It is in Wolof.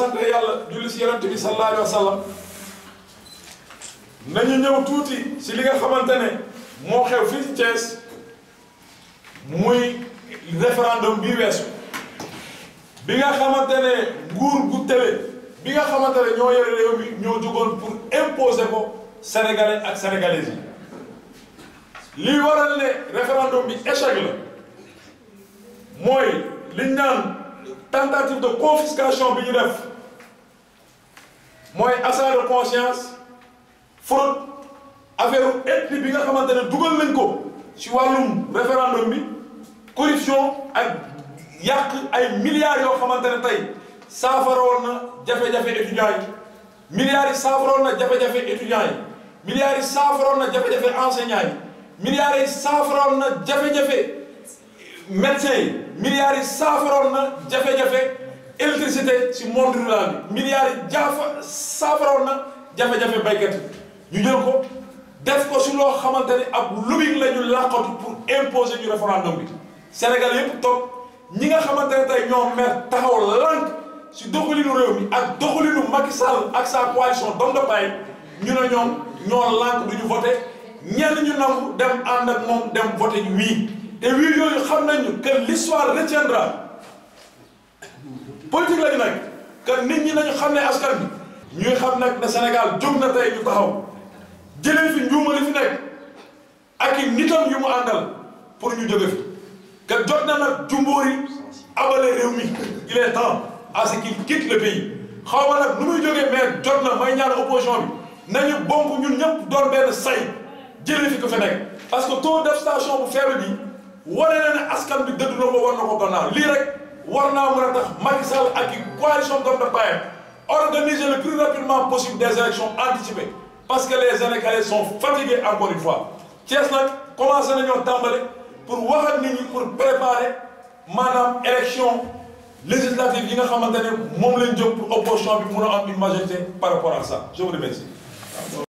sant yàlla julli si yonent bi sallallahu alayhi nañu ñëw tuuti si li nga xamante ne moo xew fii ci muy référendum bii weesu bi nga xamante ne nguur gu tële bi nga xamante ne ñoo yore réew mi ñoo jugoon pour imposer ko sénégalais ak sénégalaises yi lii waral ne référendum bi échec la mooy liñ naan tentative de confiscation bi ñu def mooy achat de conscience fraude affaire ethnique bi nga xamante ne dugal nañ ko ci wàllum référendum bi corruption ak yàq ay milliards yoo xamante ne tey saafaroon na jafe-jafe étudiants yi milliards yi saafaroon na jafe-jafe étudiants yi milliards yi saafaroon na jafe-jafe enseignants yi milliards yi saafaroon na jafe-jafe électricité si monde rural bi milliards yi jaafa saafaroon na jafe-jafe baykat yi ñu jël ko def ko su loo xamante ni ab lobbying la ñu làqatu pour imposer ñu référendum bi Sénégal yëpp toog ñi nga xamante ne tey ñoo mer taxaw lànk si doxalinu réew mi ak doxalinu Macky ak sa coalition doom de paille ñu ne ñoom ñoo lànk du ñu voté ñenn ñu nangu dem ànd ak moom dem voté wii te wii yooyu xam nañu que l'histoire retiendra politique lañu nag kon nit ñi nañu xam ne askan bi ñuy xam nag ne Sénégal jóg na tey ñu taxaw jëlee fi njuuma fi nekk ak i nitam yu mu àndal pour ñu jóge fi te jot na nag jumbóori abale réew mi il est temps à ce qu'il quitte le pays xaw ma nag nu muy jógee mais jot na may ñaan opposition bi nañu bonk ñun ñëpp doon benn say jëlee fi ko fi nekk parce que taux d'abstention bu faible bi wane na ne askan bi dëdd na war na ko lii rek war naa mën a tax Macky Sall ak i coalition doom de bàyyam organiser le plus rapidement possible des élections anticipées parce que les Sénégalais sont fatigués encore une fois Thiès nag commencé nañoo tàmbale pour wax ak nit ñi pour préparer élection législative yi nga xamante ne moom lañ jóg pour opposition bi mun a par rapport à sa je vous remercie